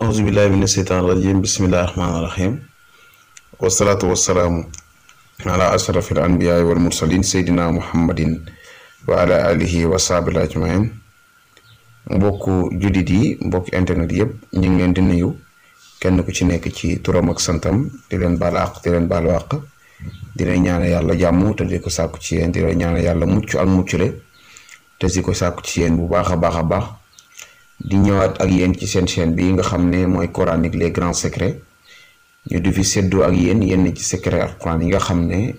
auzu billahi mina seytaan rajim bismillahi rahmaani rahim wasalaatu wasalaamu ala ashrafil anbiyaai wal mursalin seydina muhammadin wa ala alihi wa saabil ajmain yi mbokku internet yëpp ñu ngi leen di nuyu kenn ku ci nekk ci turam ak santam di leen baal àq di leen baal àq di leen ñaane yàlla jàmm te di ko sàkku ci yéen di leen ñaane yàlla mucc ak muccule te di ko sàkku ci yéen bu baax a baax a baax di ñëwaat ak yéen ci seen chaîne bi nga xam ne mooy coranique les grands secrets ñu di fi séddoo ak yéen yenn ci secret alquran yi nga xam ne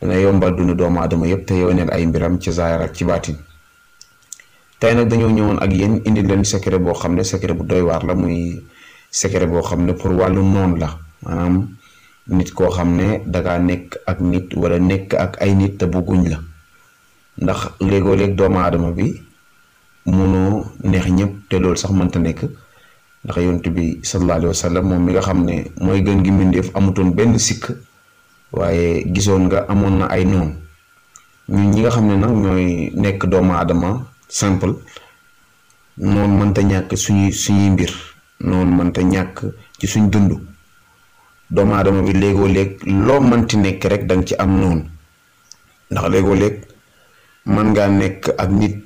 dana yombal dund doomu aadama yépp te yow ay mbiram ci zaahir ak ci baatin tey nag dañoo ñëwoon ak yéen indi leen secret boo xam ne secret bu doy waar la muy secret boo xam ne pour wàllu noon la maanaam nit koo xam ne dangaa nekk ak nit wala nekk ak ay nit te bëgguñ la ndax léegoo léeg doomu aadama bi mënoo neex ñëpp te loolu sax mënta nekk ndax yonent bi sallallahu alayhi wa moom mi nga xam ne mooy gën gi mbindeef amutoon benn sikk waaye gisoon nga amoon na ay noon ñun ñi nga xam ne nag ñooy nekk doomu aadama simple noonu mënta ñàkk suñuy suñuy mbir noonu mënta ñàkk ci suñ dund doomu aadama bi léegoo léeg loo mënti nekk rek danga ci am noon ndax léegoo léeg mën ngaa nekk ak nit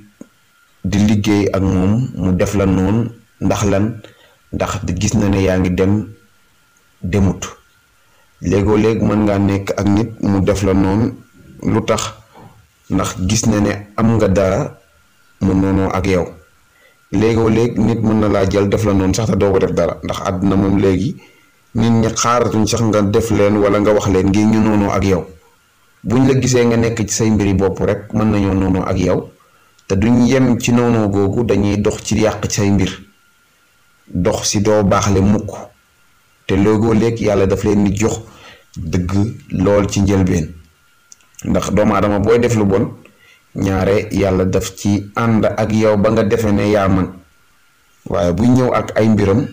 di liggéey ak moom mu def la noonu ndax lan ndax di gis na ne yaa ngi dem demut léegoo léeg mën ngaa nekk ak nit mu def la noonu lu tax ndax gis na ne am nga dara mu noonoo ak yow léegoo léeg nit mën na laa jël def la noonu sax te doo ko def dara ndax àdduna moom léegi nit ñi xaaratuñ sax nga def leen wala nga wax leen ngir ñu noonoo ak yow buñ la gisee nga nekk ci say mbiri bopp rek mën nañoo noonu ak yow te duñ yem ci noonu googu dañuy dox ci yàq say mbir dox si doo baaxle mukk te loogoo léeg yàlla daf leen di jox dëgg lool ci njëlbeen ndax doomu aadama booy def lu bon ñaare yàlla daf ci ànd ak yow ba nga defe ne yaa waaye buy ñëw ak ay mbiram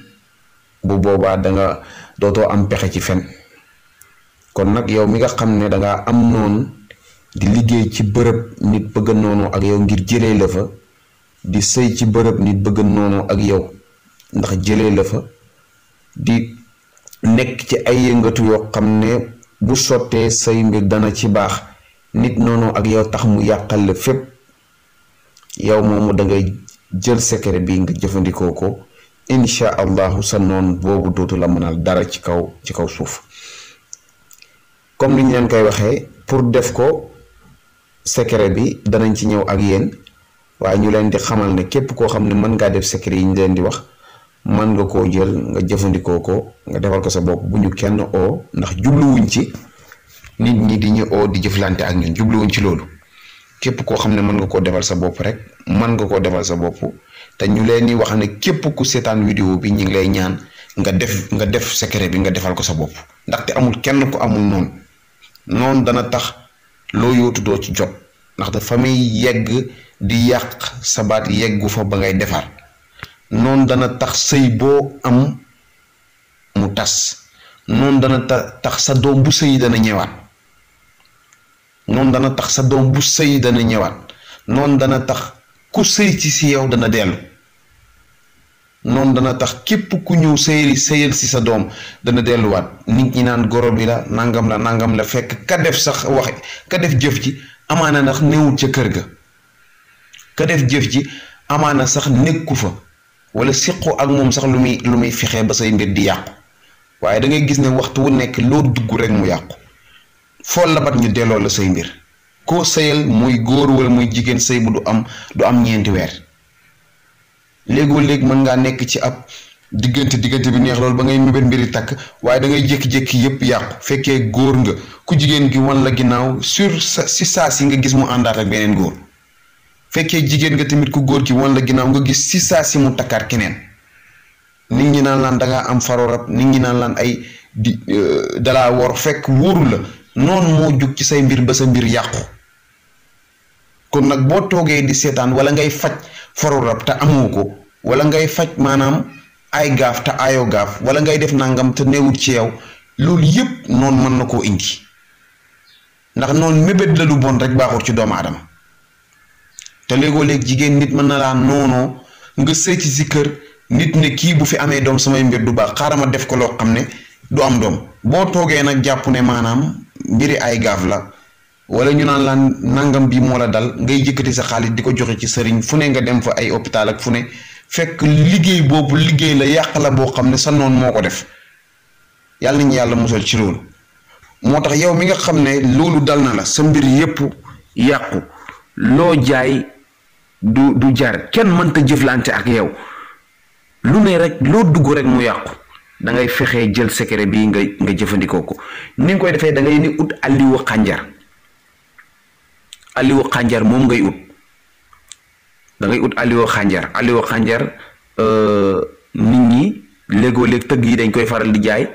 bu boobaa danga dootoo am pexe ci fen kon nag yow mi nga xam ne danga am noonu di liggéey ci bërëb nit bëgg noonu ak yow ngir jëlee la fa di sëy ci bërëb nit bëgg noonu ak yow ndax jëlee la fa di nekk ci ay yëngatu yoo xam ne bu sottee sëy mbir dana ci baax nit noonu ak yow tax mu yàqal la fépp yow moomu dangay jël secret bi nga jëfandikoo ko incha allahu sa noon boobu dootu la mënal dara ci kaw ci kaw suuf comme ni ñu leen koy waxee pour def ko secret bi danañ ci ñew ak yeen wa ñu leen di xamal ne képp ko xamne ne nga def secret yi ñu leen di wax man nga ko jël nga jëfëndiko ko nga defal ko sa bop bu ñu kenn o ndax wuñ ci nit ñi di ñu o di jëflanté ak ñun wuñ ci lolu képp ko xamne ne nga ko defal sa bop rek man nga ko defal sa bop té ñu leen di wax ne képp ku sétane vidéo bi ñi ngi lay ñaan nga def nga def secret bi nga defal ko sa non, té amul kenn ku amul non non dana tax loo yootu doo ci jot ndax dafa muy yegg di yàq sabaat yeggu fa ba ngay defar noonu dana tax sëy boo am mu tas noonu dana tax sa doom bu sëy dana ñëwaat noon dana tax sa doom sëy dana ñëwaat noonu dana tax ku sëy ci si yow dana dellu noonu dana tax képp ku ñëw sëyri sëyal si sa doom dana delluwaat nit ñi naan goro bi la nangam la nangam la fekk ka def sax waxe ka def jëf ji amaana ndax newul ca kër ga ka def jëf ji amaana sax nekku fa wala siqu ak moom sax lu muy lu muy fexee ba say mbir di yàqu waaye da ngay gis ne waxtu wu nekk loo dugg rek mu yàqu foo labat ñu delloo la say mbir koo sëyal muy góor wala muy jigéen sëy bu du am du am ñeenti weer léegoo léeg mën ngaa nekk ci ab diggante diggante bi neex loolu ba ngay mébét mbiri takk waaye da ngay jékki-jékki yëpp yàqu fekkee góor nga ku jigéen gi wan la ginnaaw su sa si saa si nga gis mu àndaat ak beneen góor fekkee jigéen nga tamit ku góor ki wan la ginnaaw nga gis si saa si mu takkaat keneen nit ñi naan laan dangaa am faro rab nit ñi naan laan ay di euh, dalaa wor fekk wóoru la noonu moo jug ci say mbir ba sa mbir yàqu kon nag boo toogee di seetaan wala ngay faj faru te amoo ko wala ngay faj maanaam ay gaaf te aayoo gaaf wala ngay def nangam te neewut ci yow loolu yëpp noonu mën na koo indi ndax noonu mébét la lu bon rek baaxul ci doomu adama te léegoo léegi jigéen nit mën na laa noonoo nga sëy si kër nit ne kii bu fi amee doom samay mbir du baax xaaral ma def ko loo xam ne du am doom boo toogee nag jàpp ne maanaam mbiri ay gaaf la wala ñu naan la nangam bi moo la dal ngay jëkkati sa xaalis di ko joxe ci sëriñ fu ne nga dem fa ay hôpital ak fu ne fekk liggéey boobu liggéey la yàq la boo xam ne sa noon moo ko def yàlla yàlla musal ci loolu moo tax yow mi nga xam ne loolu dal na la sa mbir yépp yàqu loo jaay du du jar kenn mënta jëflante ak yow lu ne rek loo dugg rek mu yàqu da ngay fexee jël secret bi nga nga jëfandikoo ko ni nga koy defee da ngay ni ut àlliwa xànjar aliwo xànjar moom ngay ut da ngay ut aliwo xànjar aliwo xànjar euh, nit ñi léegoo léeg tëgg yi dañ koy faral di jaay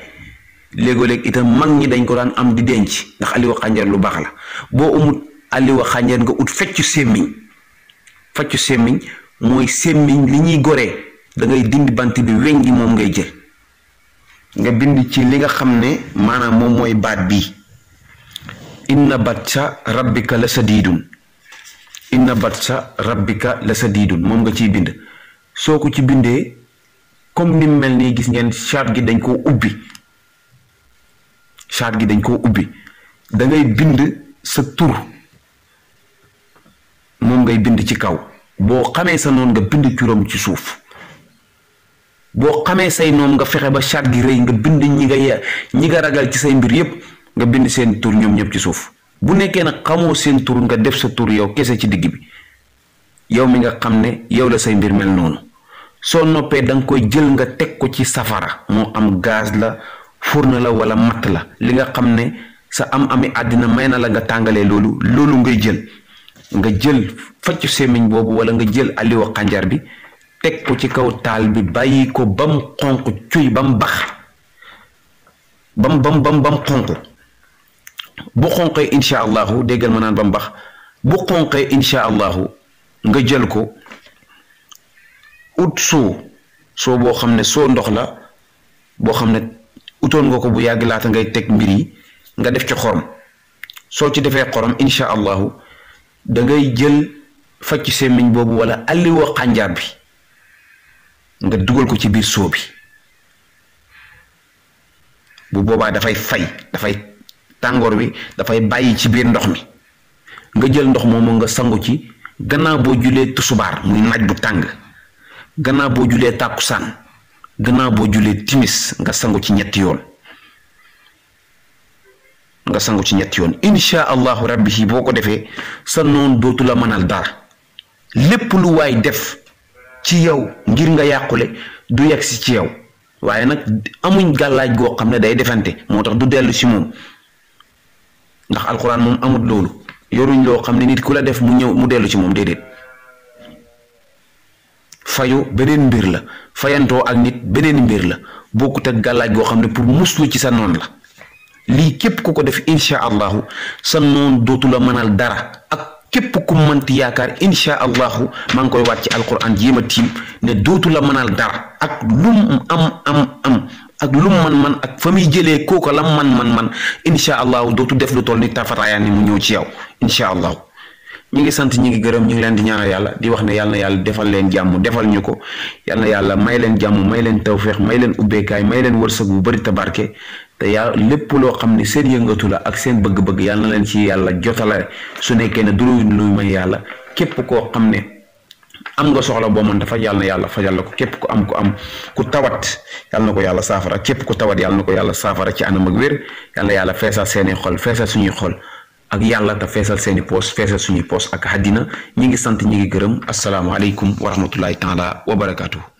léegoo léeg itam mag ñi dañ ko daan am di denc ndax aliwo xànjar lu baax la boo umut aliwo xànjar nga ut feccu sémmiñ feccu sémmiñ mooy sémmiñ li ñuy goree dangay ngay dindi bant bi weñ gi moom ngay jël nga bind ci li nga xam ne maanaam moom mooy baat bi inna batsa rabbika la sadiidun inna batsa rabbika la sadiidun moom nga ciy bind soo ko ci bindee comme ni mel ni gis ngeen chaat gi dañ koo ubbi chaat gi dañ koo ubbi dangay bind sa tur moom ngay bind ci kaw boo xamee sa noon nga bind curóom ci suuf boo xamee say noon nga fexe ba chaat gi rëy nga bind ñi nga ñi nga ragal ci say mbir yépp nga bind seen tur ñoom ñëpp ci suuf bu nekkee na xamoo seen tur nga def sa tur yow kese ci digg bi yow mi nga xam ne yow la say mbir mel noonu soo noppee danga nga koy jël nga teg ko ci safara moo am gaz la fur na la wala matt la li nga xam ne sa am ami àddina may na la nga tàngalee loolu loolu ngay jël nga jël faccu semiñ boobu wala nga jël aliwa xànjar bi teg ko ci kaw taal bi bàyyi ko bam xonq cuy ba mu bax bam bam bam xonq bu xonqee incha allahu déggal ma naan ba mbax bu xonqee incha allahu nga jël ko ut soo soo boo xam ne soo ndox la boo xam ne utoon nga ko bu yàgg laata ngay teg mbir yi nga def ci xorom soo ci defee xorom incha allahu da ngay jël facc semmiñ boobu wala alliwa xànjaar bi nga dugal ko ci biir soo bi bu boobaa dafay fay dafay tàngoor bi dafay bàyyi ci biir ndox mi nga jël ndox moomu nga sangu ci gannaaw boo julee tusubaar muy naaj bu tàng gannaaw boo julee tàkkusaan gannaaw boo julee timis nga sangu ci ñetti yoon nga sangu ci ñetti yoon insha allahu rabbi si boo ko defee sa noon dootu la mënal dara lépp lu waay def ci yow ngir nga yàqule du yegg si ci yow waaye nag amuñ gàllaaj goo xam ne day defante moo tax du dellu si moom ndax alxuraan moom amut loolu yoruñ loo xam ne nit ku la def mu ñëw mu dellu ci moom déedéet fayu beneen mbir la fayantoo ak nit beneen mbir la bokkut ak gàllaaj goo xam ne pour muslu ci sa noon la lii képp ku ko def incha allahu sa noon dootu la mënal dara ak képp ku mënti yaakaar incha allahu maa ngi koy waat ci alquran jéem a tiim ne dootu la mënal dara ak lum am am am ak lu mu man-man ak fa muy jëlee kooka la man-man-man incha allahu dootu def lu toll ni tafatayaani mu ñëw ci yow incha allahu ñi ngi sant ñi ngi gërëm ñu ngi leen di ñaanal yàlla di wax ne yàlla na yàlla defal leen jàmm defal ñu ko yàlla yàlla may leen jàmm may leen tawféex may leen ubbeekaay may leen wërsëg bu bëri tabarke te yaa lépp loo xam ne seen yëngatu la ak seen bëgg-bëgg yàlla na leen ci yàlla jotala su nekkee ne duru luy may yàlla képp koo xam ne am nga soxla boo mënta dafa yàlla yàlla fajal la ko képp ku am ku am ku tawat yàlla na ko yàlla saafara képp ku tawat yàlla na ko yàlla saafara ci anam ak wér yàlla yàlla feesal seeni xol feesal suñuy xol ak yàlla te feesal seeni poos feesal suñuy poos ak àddina ñi ngi sant ñi ngi gërëm asalaamaaleykum wa rahmatullahi taala wa barakaatu.